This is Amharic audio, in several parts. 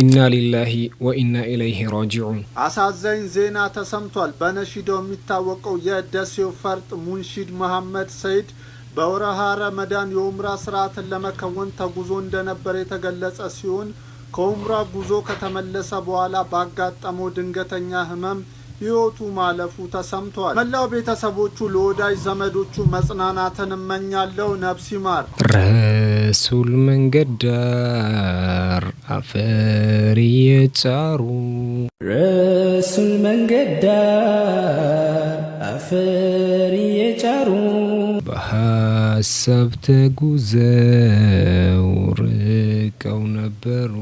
ኢና ሊላሂ ወኢና ኢለይህ ራጂዑን። አሳዛኝ ዜና ተሰምቷል። በነሺዶ የሚታወቀው የደሴው ፈርጥ ሙንሺድ መሐመድ ሰይድ በወረሃ ረመዳን የኡምራ ስርዓትን ለመከወን ተጉዞ እንደነበረ የተገለጸ ሲሆን ከኡምራ ጉዞ ከተመለሰ በኋላ ባጋጠመው ድንገተኛ ህመም ሕይወቱ ማለፉ ተሰምቷል። መላው ቤተሰቦቹ ለወዳጅ ዘመዶቹ መጽናናትን እመኛለሁ። ነፍስ ይማር። ረሱል መንገድ ዳር አፈር እየጫሩ ረሱል መንገድ ዳር አፈር እየጫሩ በሀሳብ ተጉዘው ርቀው ነበሩ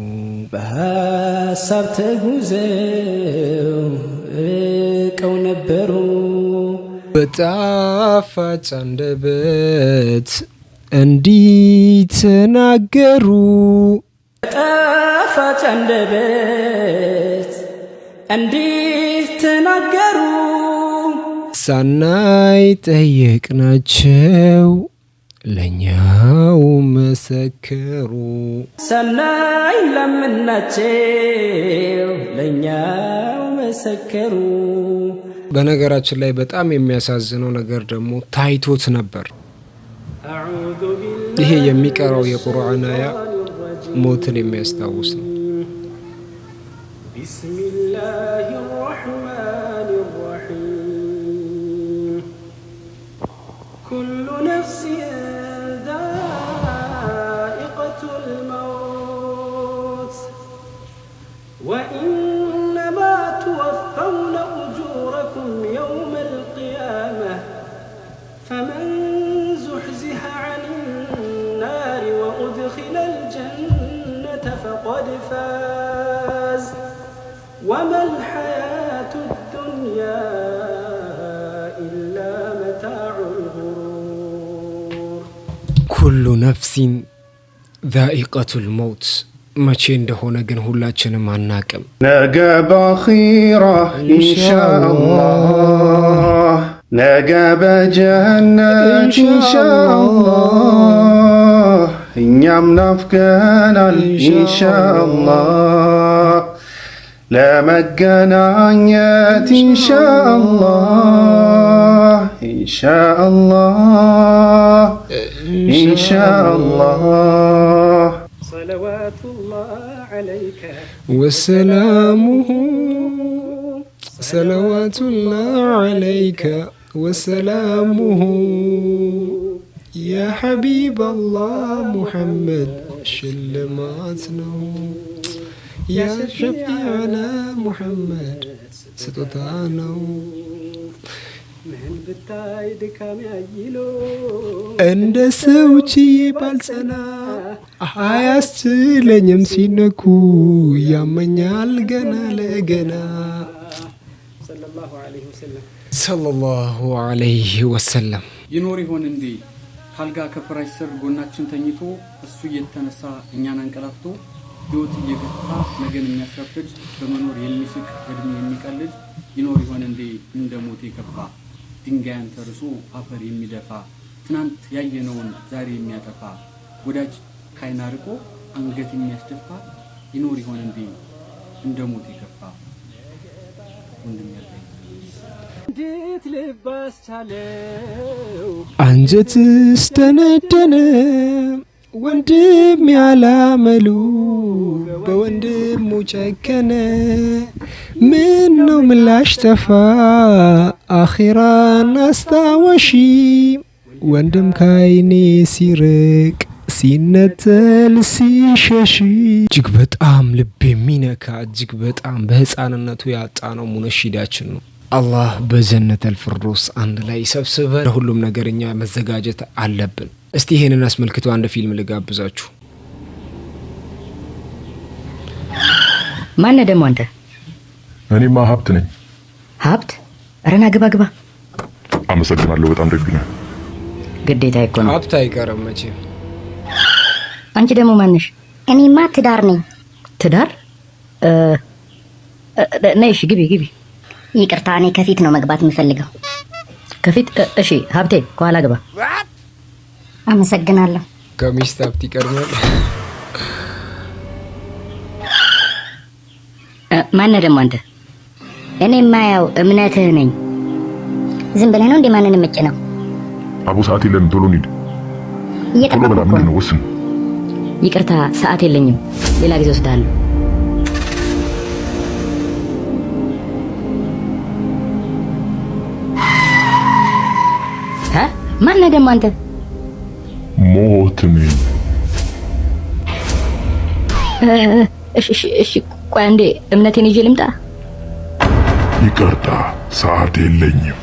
በሀሳብ ተጉዘው ርቀው ነበሩ። በጣፋጭ አንደበት እንዲተናገሩ በጣፋጭ አንደበት እንዲተናገሩ ተናገሩ። ሳናይ ጠየቅናቸው ለእኛው መሰከሩ ሰናይ ለምናቸው ለእኛው መሰከሩ። በነገራችን ላይ በጣም የሚያሳዝነው ነገር ደግሞ ታይቶት ነበር። ይሄ የሚቀራው የቁርአን አያ ሞትን የሚያስታውስ ነው። ቢስሚላህ ኩሉ ነፍሲን ዛኢቀቱ ልመውት መቼ እንደሆነ ግን ሁላችንም አናቅም። ነገ በኺራ ኢንሻአላህ፣ ነገ በጀነት ኢንሻአላህ፣ እኛም ናፍቀናል ኢንሻአላህ لا مجانية إن شاء الله إن شاء الله إن شاء الله صلوات الله عليك وسلامه صلوات الله عليك وسلامه يا حبيب الله محمد شلمات له የሸፊዕነ ሙሐመድ ስጦታ ነው። እንደ ሰው ችዬ ባልጸና አያስችለኝም ሲነኩ ያመኛል ገና ለገና ሰለላሁ አለይህ ወሰለም ይኖር ይሆን እንዴ ካልጋ ከፍራሽ ስር ጎናችን ተኝቶ እሱ እየተነሳ እኛን አንቀላፍቶ ህይወት እየገፋ ነገን የሚያስረፍድ በመኖር የሚስቅ በእድሜ የሚቀልድ ይኖር ይሆን እንዴ እንደ ሞት የከፋ ድንጋያን ተርሶ አፈር የሚደፋ ትናንት ያየነውን ዛሬ የሚያጠፋ ወዳጅ ካይና ርቆ አንገት የሚያስደፋ ይኖር ይሆን እንዴ እንደ ሞት የከፋ እንዴት ልባስቻለው አንጀትስ ወንድም ያላመሉ በወንድሙ ጨከነ። ምን ነው ምላሽ ተፋ አኼራን አስታወሺ። ወንድም ካይኔ ሲርቅ ሲነተል ሲሸሽ እጅግ በጣም ልብ የሚነካ እጅግ በጣም በህፃንነቱ ያጣ ነው ሙነሺዳችን ነው። አላህ በጀነተል ፍርዶስ አንድ ላይ ሰብስበን ለሁሉም ነገር እኛ መዘጋጀት አለብን። እስቲ ይሄንን አስመልክቶ አንድ ፊልም ልጋብዛችሁ። ማነህ ደግሞ አንተ? እኔማ ሀብት ነኝ። ሀብት? ረና ግባ ግባ። አመሰግናለሁ። በጣም ደግ ነው። ግዴታ እኮ ነው። ሀብት አይቀርም መቼም። አንቺ ደግሞ ማነሽ? እኔማ ትዳር ነኝ። ትዳር? ነሽ? ግቢ ግቢ። ይቅርታ፣ እኔ ከፊት ነው መግባት የምፈልገው። ከፊት? እሺ ሀብቴ፣ ከኋላ ግባ አመሰግናለሁ። ከሚስት ሀብት ይቀድማል። ማነህ ደግሞ አንተ? እኔማ ያው እምነትህ ነኝ። ዝም ብለህ ነው እንዴ ማንን የምጭ ነው? አቡ ሰዓት የለንም፣ ቶሎ እንሂድ። እየጠበቁ ነው። ወስን። ይቅርታ ሰዓት የለኝም፣ ሌላ ጊዜ ወስዳለሁ። ማነህ ደግሞ አንተ? ሞት ነኝ። እሺ ቆይ አንዴ እምነቴን ይዤ ልምጣ። ይቅርታ ሰዓት የለኝም።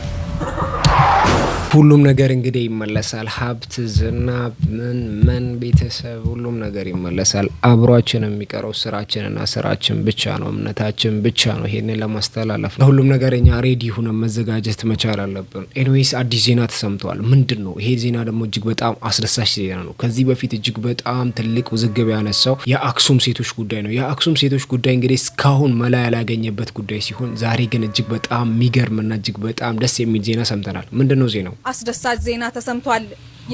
ሁሉም ነገር እንግዲህ ይመለሳል። ሀብት፣ ዝና፣ ምን ምን ቤተሰብ፣ ሁሉም ነገር ይመለሳል። አብሯችን የሚቀረው ስራችንና ስራችን ብቻ ነው፣ እምነታችን ብቻ ነው። ይሄንን ለማስተላለፍ ነው። ሁሉም ነገር እኛ ሬዲ ሁነ መዘጋጀት መቻል አለብን። ኤኒዌይስ አዲስ ዜና ተሰምተዋል። ምንድን ነው ይሄ ዜና? ደግሞ እጅግ በጣም አስደሳች ዜና ነው። ከዚህ በፊት እጅግ በጣም ትልቅ ውዝግብ ያነሳው የአክሱም ሴቶች ጉዳይ ነው። የአክሱም ሴቶች ጉዳይ እንግዲህ እስካሁን መላ ያላገኘበት ጉዳይ ሲሆን ዛሬ ግን እጅግ በጣም የሚገርምና እጅግ በጣም ደስ የሚል ዜና ሰምተናል። ምንድን ነው ዜናው? አስደሳች ዜና ተሰምቷል።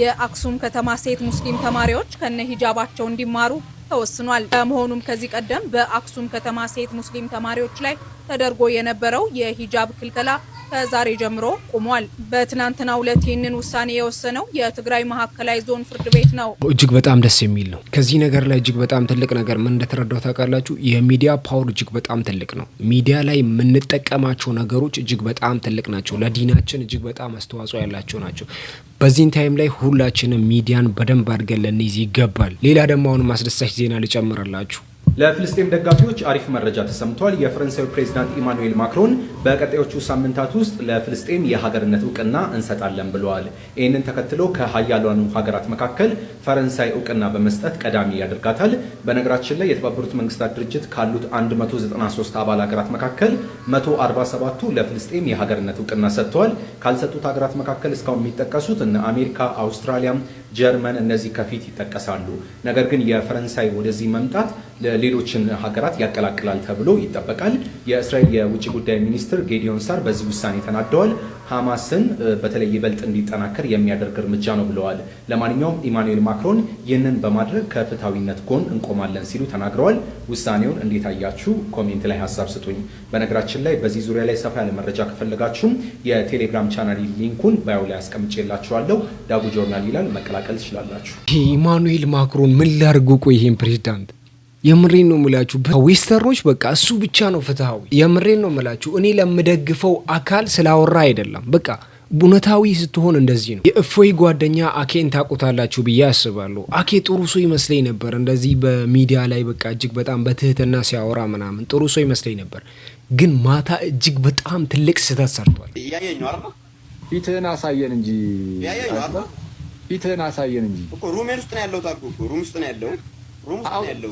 የአክሱም ከተማ ሴት ሙስሊም ተማሪዎች ከነ ሂጃባቸው እንዲማሩ ተወስኗል። በመሆኑም ከዚህ ቀደም በአክሱም ከተማ ሴት ሙስሊም ተማሪዎች ላይ ተደርጎ የነበረው የሂጃብ ክልከላ ከዛሬ ጀምሮ ቆሟል። በትናንትናው ዕለት ይህንን ውሳኔ የወሰነው የትግራይ ማዕከላዊ ዞን ፍርድ ቤት ነው። እጅግ በጣም ደስ የሚል ነው። ከዚህ ነገር ላይ እጅግ በጣም ትልቅ ነገር ምን እንደተረዳው ታውቃላችሁ? የሚዲያ ፓወር እጅግ በጣም ትልቅ ነው። ሚዲያ ላይ የምንጠቀማቸው ነገሮች እጅግ በጣም ትልቅ ናቸው። ለዲናችን እጅግ በጣም አስተዋጽኦ ያላቸው ናቸው። በዚህን ታይም ላይ ሁላችንም ሚዲያን በደንብ አድርገን ልንይዝ ይገባል። ሌላ ደግሞ አሁንም አስደሳች ዜና ልጨምርላችሁ ለፍልስጤም ደጋፊዎች አሪፍ መረጃ ተሰምቷል። የፈረንሳዩ ፕሬዚዳንት ኢማኑኤል ማክሮን በቀጣዮቹ ሳምንታት ውስጥ ለፍልስጤም የሀገርነት እውቅና እንሰጣለን ብለዋል። ይህንን ተከትሎ ከሀያሏኑ ሀገራት መካከል ፈረንሳይ እውቅና በመስጠት ቀዳሚ ያደርጋታል። በነገራችን ላይ የተባበሩት መንግስታት ድርጅት ካሉት 193 አባል ሀገራት መካከል 147ቱ ለፍልስጤም የሀገርነት እውቅና ሰጥተዋል። ካልሰጡት ሀገራት መካከል እስካሁን የሚጠቀሱት እነ አሜሪካ፣ አውስትራሊያ፣ ጀርመን እነዚህ ከፊት ይጠቀሳሉ። ነገር ግን የፈረንሳይ ወደዚህ መምጣት ሌሎችን ሀገራት ያቀላቅላል ተብሎ ይጠበቃል። የእስራኤል የውጭ ጉዳይ ሚኒስትር ጌዲዮን ሳር በዚህ ውሳኔ ተናደዋል። ሐማስን በተለይ ይበልጥ እንዲጠናከር የሚያደርግ እርምጃ ነው ብለዋል። ለማንኛውም ኢማኑኤል ማክሮን ይህንን በማድረግ ከፍትሐዊነት ጎን እንቆማለን ሲሉ ተናግረዋል። ውሳኔውን እንዴት አያችሁ? ኮሜንት ላይ ሀሳብ ስጡኝ። በነገራችን ላይ በዚህ ዙሪያ ላይ ሰፋ ያለ መረጃ ከፈለጋችሁም የቴሌግራም ቻናል ሊንኩን ባዩ ላይ አስቀምጬላችኋለሁ። ዳጉ ጆርናል ይላል መቀላቀል ትችላላችሁ። ኢማኑኤል ማክሮን ምን ላርጉ? ቆይ ይህን ፕሬዚዳንት የምሬን ነው ምላችሁ። ዌስተሮች በቃ እሱ ብቻ ነው ፍትሐዊ። የምሬን ነው ምላችሁ። እኔ ለምደግፈው አካል ስላወራ አይደለም በቃ እውነታዊ ስትሆን እንደዚህ ነው። የእፎይ ጓደኛ አኬን ታውቁታላችሁ ብዬ አስባለሁ። አኬ ጥሩ ሰው ይመስለኝ ነበር፣ እንደዚህ በሚዲያ ላይ በቃ እጅግ በጣም በትህትና ሲያወራ ምናምን ጥሩ ሰው ይመስለኝ ነበር፣ ግን ማታ እጅግ በጣም ትልቅ ስህተት ሰርቷል። ፊትህን አሳየን እንጂ ፊትህን አሳየን እንጂ ሩሜን ውስጥ ነው ያለው ሩም ውስጥ ነው ያለው ሩም ውስጥ ነው ያለው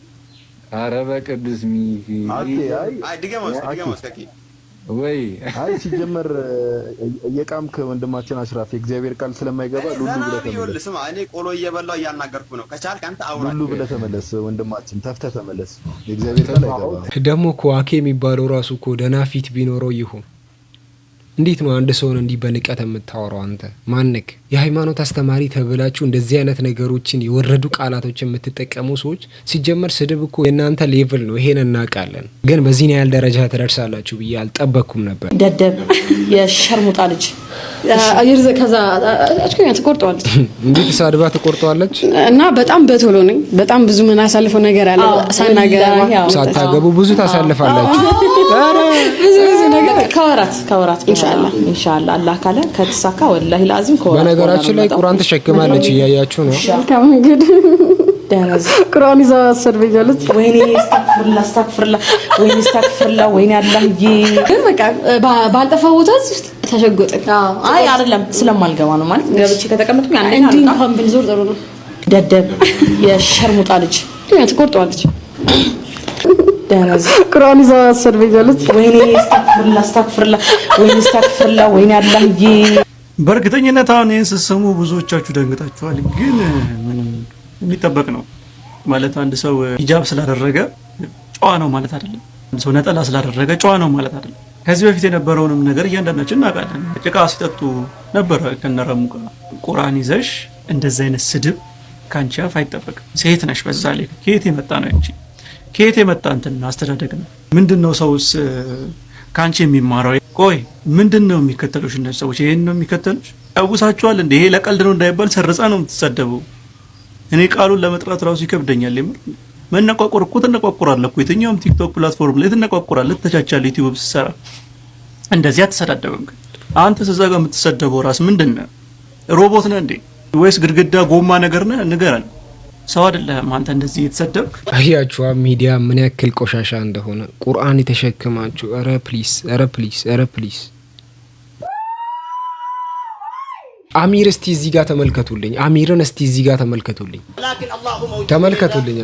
ኧረ በቅዱስ ሚ ወይ አይ ሲጀመር እየቃምክ ወንድማችን አሽራፍ የእግዚአብሔር ቃል ስለማይገባ ሉሉ እኔ ቆሎ እየበላሁ እያናገርኩ ነው። ከቻልክ አንተ አውራ ሉሉ ብለህ ተመለስ ወንድማችን፣ ተፍተህ ተመለስ። የእግዚአብሔር ቃል አይገባ ደግሞ እኮ አኬ የሚባለው ራሱ እኮ ደህና ፊት ቢኖረው ይሁን እንዴት ነው አንድ ሰውን እንዲህ በንቀት የምታወራው? አንተ ማንክ? የሃይማኖት አስተማሪ ተብላችሁ እንደዚህ አይነት ነገሮችን የወረዱ ቃላቶች የምትጠቀሙ ሰዎች፣ ሲጀመር ስድብ እኮ የእናንተ ሌቭል ነው። ይሄን እናውቃለን፣ ግን በዚህን ያህል ደረጃ ትደርሳላችሁ ብዬ አልጠበቅኩም ነበር። ደደብ የሸርሙጣ ልጅ ከዛ አጭቀኛ ትቆርጠዋለች፣ እንዴት ሳድባ ትቆርጠዋለች። እና በጣም በቶሎ ነኝ። በጣም ብዙ ምን አሳልፈው ነገር አለ። ሳናገር ሳታገቡ ብዙ ታሳልፋላችሁ። ብዙ ብዙ ነገር ከወራት ከወራት ኢንሻአላ ኢንሻአላ አላህ ካለ ከተሳካ ወላሂ ላዚም ከወራት። በነገራችን ላይ ቁርአን ተሸክማለች እያያችሁ ነው። እንግዲህ ቁርአን ይዛ አሰር ብያለች። ወይኔ ስታክፍርላ ስታክፍርላ ወይኔ ስታክፍርላ ወይኔ አላህዬ በቃ ባልጠፋ ቦታ ውስጥ ተሸጎጠኝ። አይ አይደለም ስለማልገባ ነው ማለት ገብቼ ከተቀመጥኩኝ እንኳን ጥሩ ነው። ደደብ የሸርሙጣ ልጅ ትቆርጠዋለች። ቁርአን ይዛ ወይኔ ስታክፍርላ ስታክፍርላ ወይኔ ስታክፍርላ ወይኔ አላህዬ። በእርግጠኝነት አሁን ይህን ስትሰሙ ብዙዎቻችሁ ደንግጣችኋል፣ ግን ምንም የሚጠበቅ ነው ማለት አንድ ሰው ሂጃብ ስላደረገ ጨዋ ነው ማለት አይደለም። አንድ ሰው ነጠላ ስላደረገ ጨዋ ነው ማለት አይደለም። ከዚህ በፊት የነበረውንም ነገር እያንዳንዳችን እናውቃለን። ጭቃ ሲጠጡ ነበረ ከነረሙ ጋር። ቁራን ይዘሽ እንደዚህ አይነት ስድብ ከአንቺ አፍ አይጠበቅም። ሴት ነሽ፣ በዛ ላይ ከየት የመጣ ነው እንጂ ከየት የመጣ እንትን አስተዳደግ ነው ምንድን ነው? ሰውስ ከአንቺ የሚማረው ቆይ ምንድን ነው የሚከተሉሽ? እነዚህ ሰዎች ይህን ነው የሚከተሉሽ? ያውሳችኋል እንደ ይሄ ለቀልድ ነው እንዳይባል ሰርጻ ነው የምትሰደበው። እኔ ቃሉን ለመጥራት ራሱ ይከብደኛል የምር መነቋቆር እኮ ትነቋቆራለህ እኮ የትኛውም ቲክቶክ ፕላትፎርም ላይ ትነቋቆራለህ፣ ትተቻቻለህ። ዩቲዩብ ስትሰራ እንደዚህ አትሰዳደብም። ግን አንተ ስዛ ጋር የምትሰደበው ራስ ምንድን ነህ? ሮቦት ነህ እንዴ? ወይስ ግድግዳ ጎማ ነገር ነህ? ንገረን። ሰው አይደለህም አንተ እንደዚህ የተሰደብ አያችኋ ሚዲያ ምን ያክል ቆሻሻ እንደሆነ ቁርአን የተሸክማችሁ። ኧረ ፕሊስ፣ ኧረ ፕሊስ፣ ኧረ ፕሊስ አሚር እስቲ እዚህ ጋር ተመልከቱልኝ። አሚርን እስቲ እዚህ ጋር ተመልከቱልኝ፣ ተመልከቱልኝ።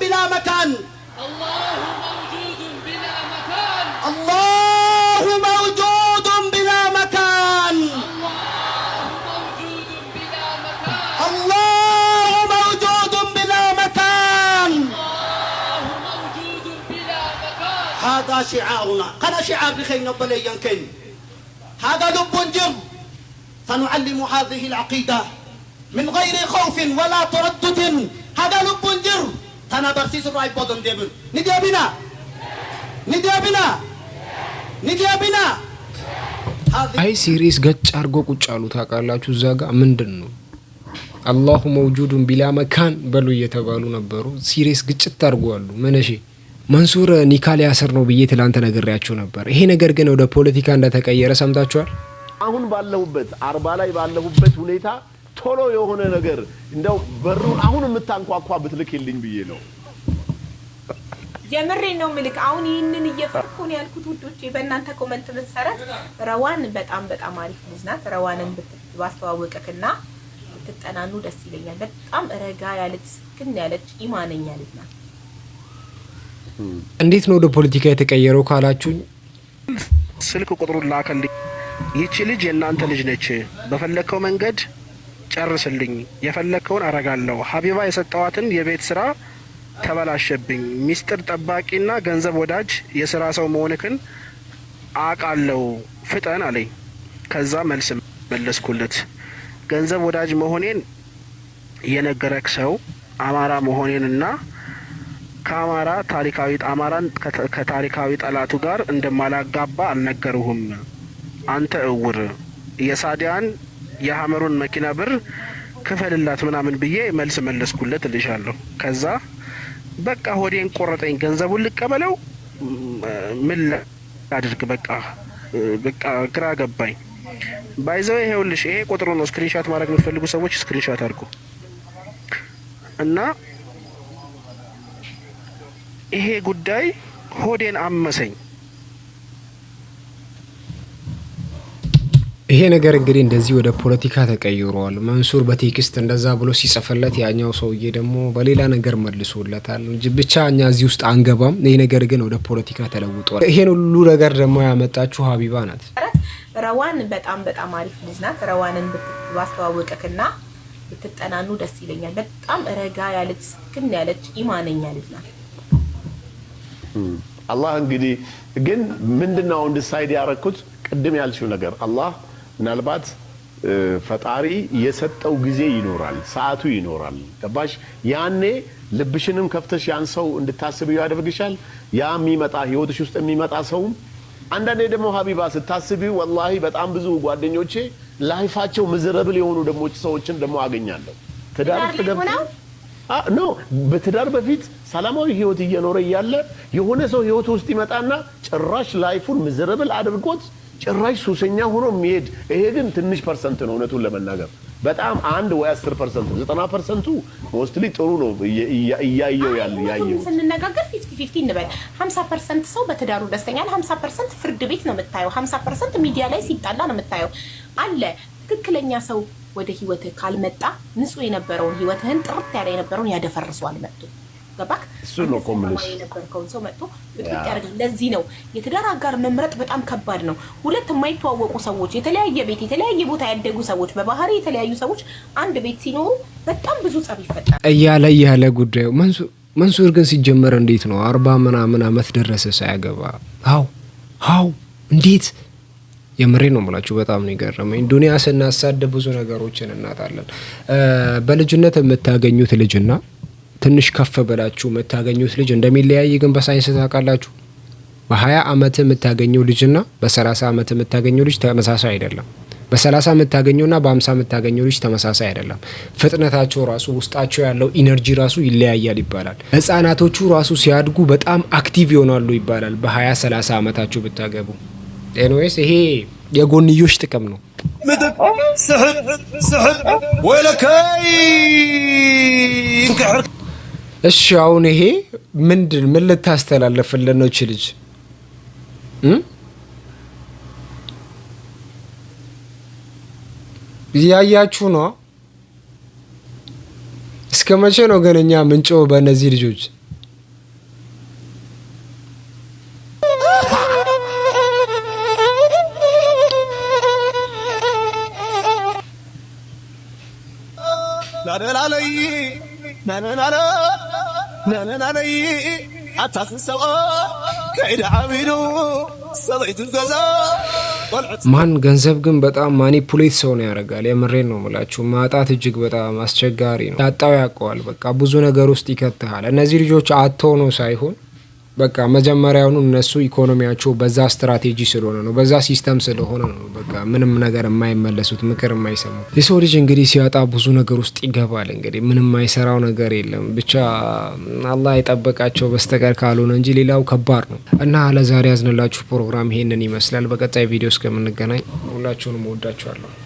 ቢላ شعارنا قنا شعار بخينا بليا كن هذا لب جر سنعلم هذه العقيدة من غير خوف ولا تردد هذا لب جر تنا برسيس الرأي بودن ديبن نديا بنا نديا بنا نديا بنا አይ ሲሪስ ገጭ አድርጎ ቁጭ አሉ። ታውቃላችሁ እዛ ጋር ምንድን ነው አላሁ መውጁዱን ቢላ መካን በሉ እየተባሉ ነበሩ። ሲሪስ ግጭት አድርጓሉ። ምንሺ መንሱር ኒካ ሊያስር ነው ብዬ ትላንት ነግሬያችሁ ነበር። ይሄ ነገር ግን ወደ ፖለቲካ እንደተቀየረ ሰምታችኋል። አሁን ባለሁበት አርባ ላይ ባለሁበት ሁኔታ ቶሎ የሆነ ነገር እንደው በሩን አሁን የምታንኳኳ ብትልክልኝ ብዬ ነው። የምሬ ነው ምልክ አሁን ይህንን እየፈርኩን ያልኩት ውዶቼ፣ በእናንተ ኮመንት መሰረት ረዋን በጣም በጣም አሪፍ ልጅ ናት። ረዋንን ባስተዋወቀክና ብትጠናኑ ደስ ይለኛል። በጣም ረጋ ያለች ስክን ያለች ኢማነኛ ልጅ ናት። እንዴት ነው ወደ ፖለቲካ የተቀየረው ካላችሁ ስልክ ቁጥሩን ላከልኝ ይቺ ልጅ የእናንተ ልጅ ነች፣ በፈለግከው መንገድ ጨርስልኝ፣ የፈለግከውን አረጋለሁ። ሀቢባ የሰጠዋትን የቤት ስራ ተበላሸብኝ። ሚስጥር ጠባቂና ገንዘብ ወዳጅ የስራ ሰው መሆንክን አቃለው ፍጠን አለኝ። ከዛ መልስ መለስኩለት። ገንዘብ ወዳጅ መሆኔን የነገረክ ሰው አማራ መሆኔንና ከአማራ ታሪካዊ አማራን ከታሪካዊ ጠላቱ ጋር እንደማላጋባ አልነገርሁም። አንተ እውር የሳዲያን የሀመሩን መኪና ብር ክፈልላት ምናምን ብዬ መልስ መለስኩለት እልሻለሁ። ከዛ በቃ ሆዴን ቆረጠኝ። ገንዘቡን ልቀበለው ምን ላድርግ? በቃ በቃ ግራ ገባኝ። ባይዘው ይሄውልሽ፣ ይሄ ቁጥሩ ነው። ስክሪንሻት ማድረግ የምትፈልጉ ሰዎች ስክሪንሻት አድርጉ እና ይሄ ጉዳይ ሆዴን አመሰኝ። ይሄ ነገር እንግዲህ እንደዚህ ወደ ፖለቲካ ተቀይሯል። መንሱር በቴክስት እንደዛ ብሎ ሲጽፍለት ያኛው ሰውዬ ደግሞ በሌላ ነገር መልሶለታል እንጂ ብቻ እኛ እዚህ ውስጥ አንገባም። ይህ ነገር ግን ወደ ፖለቲካ ተለውጧል። ይሄን ሁሉ ነገር ደግሞ ያመጣችሁ ሀቢባ ናት። ረዋን በጣም በጣም አሪፍ ልጅ ናት። ረዋንን ባስተዋወቀክና ብትጠናኑ ደስ ይለኛል። በጣም ረጋ ያለች ስክን ያለች ኢማነኛ ልጅ ናት። አላህ እንግዲህ ግን ምንድነው እንድሳይድ ያረኩት ቅድም ያልሽው ነገር አላህ ምናልባት ፈጣሪ የሰጠው ጊዜ ይኖራል፣ ሰዓቱ ይኖራል። ገባሽ? ያኔ ልብሽንም ከፍተሽ ያን ሰው እንድታስቢው ያደርግሻል። ያ የሚመጣ ህይወትሽ ውስጥ የሚመጣ ሰውም አንዳንዴ ደግሞ ሀቢባ ስታስቢው ወላሂ በጣም ብዙ ጓደኞቼ ላይፋቸው ምዝረብል የሆኑ ደሞች ሰዎችን ደሞ አገኛለሁ ትዳር ኖ በትዳር በፊት ሰላማዊ ህይወት እየኖረ እያለ የሆነ ሰው ህይወት ውስጥ ይመጣና ጭራሽ ላይፉን ምዝረብል አድርጎት ጭራሽ ሱሰኛ ሆኖ የሚሄድ ይሄ ግን ትንሽ ፐርሰንት ነው። እውነቱን ለመናገር በጣም አንድ ወይ አስር ፐርሰንቱ ዘጠና ፐርሰንቱ ሞስትሊ ጥሩ ነው እያየው ያለ ያየው ስንነጋገር ፊፍቲ ፊፍቲ እንበል። ሀምሳ ፐርሰንት ሰው በትዳሩ ደስተኛል። ሀምሳ ፐርሰንት ፍርድ ቤት ነው የምታየው። ሀምሳ ፐርሰንት ሚዲያ ላይ ሲጣላ ነው የምታየው አለ ትክክለኛ ሰው ወደ ህይወትህ ካልመጣ ንጹህ የነበረውን ህይወትህን ጥርት ያለ የነበረውን ያደፈርሰዋል መጥቶ ገባክ የነበርከውን ሰው መጥቶ ብጥብጥ ያደርጋል ለዚህ ነው የትዳር አጋር መምረጥ በጣም ከባድ ነው ሁለት የማይተዋወቁ ሰዎች የተለያየ ቤት የተለያየ ቦታ ያደጉ ሰዎች በባህሪ የተለያዩ ሰዎች አንድ ቤት ሲኖሩ በጣም ብዙ ጸብ ይፈጠራል እያለ እያለ ጉዳዩ መንሱር ግን ሲጀመር እንዴት ነው አርባ ምናምን አመት ደረሰ ሳያገባ ሀው ሀው እንዴት የምሬ ነው ምላችሁ። በጣም ነው የገረመኝ። ዱኒያ ስናሳደ ብዙ ነገሮችን እናጣለን። በልጅነት የምታገኙት ልጅና ትንሽ ከፍ ብላችሁ የምታገኙት ልጅ እንደሚለያይ ግን በሳይንስ ታውቃላችሁ። በሀያ አመት የምታገኘው ልጅና በሰላሳ አመት የምታገኘው ልጅ ተመሳሳይ አይደለም። በሰላሳ የምታገኘውና በሀምሳ የምታገኘው ልጅ ተመሳሳይ አይደለም። ፍጥነታቸው ራሱ ውስጣቸው ያለው ኢነርጂ ራሱ ይለያያል ይባላል። ህጻናቶቹ ራሱ ሲያድጉ በጣም አክቲቭ ይሆናሉ ይባላል። በሀያ ሰላሳ አመታቸው ብታገቡ ኤንዌስ ይሄ የጎንዮሽ ጥቅም ነው። እሺ አሁን ይሄ ምንድን ምን ልታስተላለፍልን ነው? ችልጅ እያያችሁ ነው። እስከ መቼ ነው ግን እኛ ምንጮ በእነዚህ ልጆች ናነናነ ኣታስሰብኦ ከይዳ ሰበይቱ ገዛ ማን ገንዘብ ግን በጣም ማኒፑሌት ሰው ነው ያደርጋል። የምሬን ነው ምላችሁ። ማጣት እጅግ በጣም አስቸጋሪ ነው። ያጣው ያውቀዋል። በቃ ብዙ ነገር ውስጥ ይከትሃል። እነዚህ ልጆች አቶ ነው ሳይሆን በቃ መጀመሪያውኑ እነሱ ኢኮኖሚያቸው በዛ ስትራቴጂ ስለሆነ ነው፣ በዛ ሲስተም ስለሆነ ነው። በቃ ምንም ነገር የማይመለሱት ምክር የማይሰሙ የሰው ልጅ እንግዲህ ሲያጣ ብዙ ነገር ውስጥ ይገባል። እንግዲህ ምንም የማይሰራው ነገር የለም። ብቻ አላህ የጠበቃቸው በስተቀር ካልሆነ እንጂ ሌላው ከባድ ነው እና ለዛሬ ያዝንላችሁ ፕሮግራም ይሄንን ይመስላል። በቀጣይ ቪዲዮ እስከምንገናኝ ሁላችሁንም ወዳችኋለሁ።